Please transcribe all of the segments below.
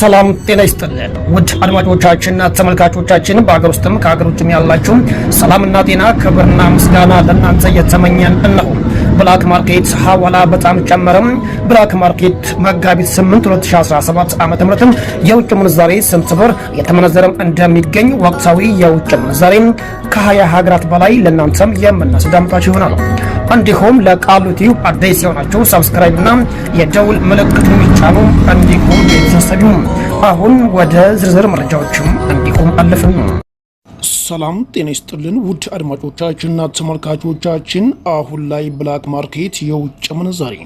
ሰላም ጤና ይስጥልን ውድ አድማጮቻችንና ተመልካቾቻችን በሀገር ውስጥም ከሀገር ውጭም ያላችሁ ሰላምና ጤና ክብርና ምስጋና ለእናንተ እየተመኘን እነሆ። ብላክ ማርኬት ሀዋላ በጣም ጨመረም። ብላክ ማርኬት መጋቢት 8 2017 ዓ ም የውጭ ምንዛሬ ስንት ብር የተመነዘረም እንደሚገኝ ወቅታዊ የውጭ ምንዛሬ ከ20 ሀገራት በላይ ለእናንተም የምናስዳምጣችሁ ይሆናል። እንዲሁም ለቃሉ ቲዩብ አዲስ የሆናችሁ ሰብስክራይብ እና የደውል ምልክቱ ይጫኑ። እንዲሁም የተሰሰቢ አሁን ወደ ዝርዝር መረጃዎችም እንዲሁም አለፍን። ሰላም ጤና ይስጥልን ውድ አድማጮቻችንና ተመልካቾቻችን፣ አሁን ላይ ብላክ ማርኬት የውጭ ምንዛሪ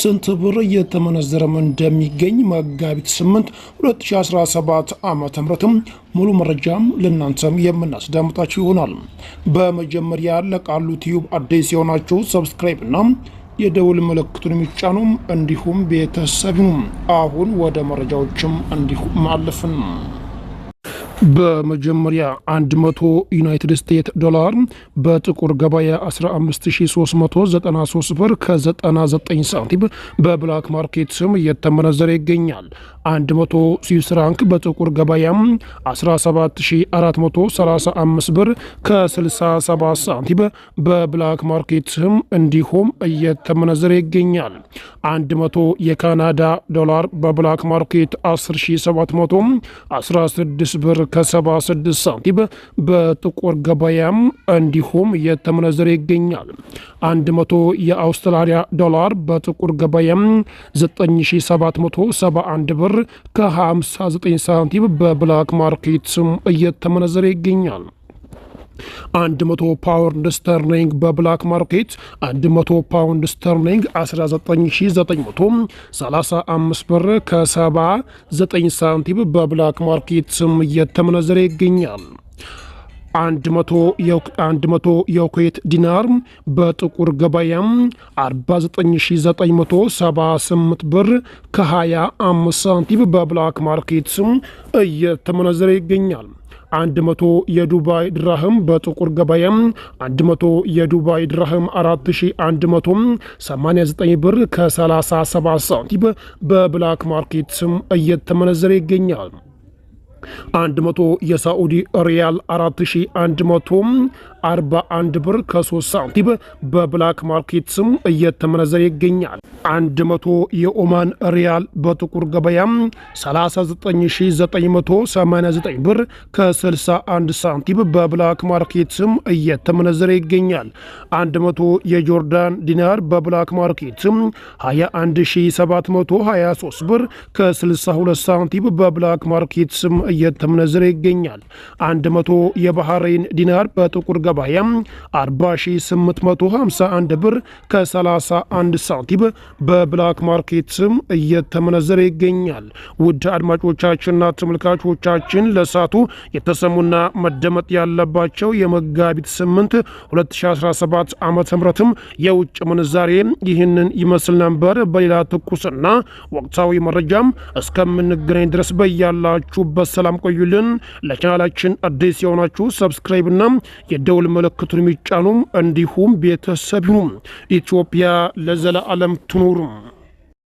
ስንት ብር እየተመነዘረም እንደሚገኝ መጋቢት 8 2017 ዓ ዓ.ም ሙሉ መረጃም ለእናንተም የምናስዳምጣችሁ ይሆናል። በመጀመሪያ ለቃሉ ቲዩብ አዲስ የሆናችሁ ሰብስክራይብ እና የደውል ምልክቱን የሚጫኑም እንዲሁም ቤተሰብም አሁን ወደ መረጃዎችም እንዲሁም አለፍን። በመጀመሪያ 100 ዩናይትድ ስቴትስ ዶላር በጥቁር ገበያ 15393 ብር ከ99 ሳንቲም በብላክ ማርኬት ስም እየተመነዘረ ይገኛል። 100 ስዊስ ፍራንክ በጥቁር ገበያ 17435 ብር ከ67 ሳንቲም በብላክ ማርኬትም እንዲሁም እየተመነዘረ ይገኛል። 100 የካናዳ ዶላር በብላክ ማርኬት 10716 ብር ከ76 ሳንቲም በጥቁር ገበያም እንዲሁም እየተመነዘረ ይገኛል። 100 የአውስትራሊያ ዶላር በጥቁር ገበያም 9771 ብር ብር ከ59 ሳንቲም በብላክ ማርኬት ስም እየተመነዘረ ይገኛል። 100 ፓውንድ ስተርሊንግ በብላክ ማርኬት 100 ፓውንድ ስተርሊንግ 19935 ብር ከ79 ሳንቲም በብላክ ማርኬት ስም እየተመነዘረ ይገኛል። 100 የኩዌት ዲናር በጥቁር ገበያም 49978 ብር ከ25 ሳንቲም በብላክ ማርኬት እየተመነዘረ ይገኛል። 100 የዱባይ ድራህም በጥቁር ገበያ 100 የዱባይ ድራህም 4189 ብር ከ37 ሳንቲም በብላክ ማርኬት ስም እየተመነዘረ ይገኛል። 100 የሳዑዲ ሪያል 4141 ብር ከ3 ሳንቲም በብላክ ማርኬት ስም እየተመነዘረ ይገኛል። 100 የኦማን ሪያል በጥቁር ገበያ 39989 ብር ከ61 ሳንቲም በብላክ ማርኬት ስም እየተመነዘረ ይገኛል። 100 የጆርዳን ዲናር በብላክ ማርኬት ስም 21723 ብር ከ62 ሳንቲም በብላክ ማርኬት ስም እየተመነዘረ ይገኛል። 100 የባህሬን ዲናር በጥቁር ገበያ 40851 ብር ከ31 ሳንቲም በብላክ ማርኬት ስም እየተመነዘረ ይገኛል። ውድ አድማጮቻችንና ተመልካቾቻችን ለሳቱ የተሰሙና መደመጥ ያለባቸው የመጋቢት 8 2017 ዓ ም የውጭ ምንዛሬ ይህንን ይመስል ነበር። በሌላ ትኩስና ወቅታዊ መረጃም እስከምንገናኝ ድረስ በያላችሁበት ሰላም ቆዩልን። ለቻናላችን አዲስ የሆናችሁ ሰብስክራይብ እና የደውል ምልክቱን የሚጫኑም እንዲሁም ቤተሰብ ይሁኑ። ኢትዮጵያ ለዘለዓለም ትኑር።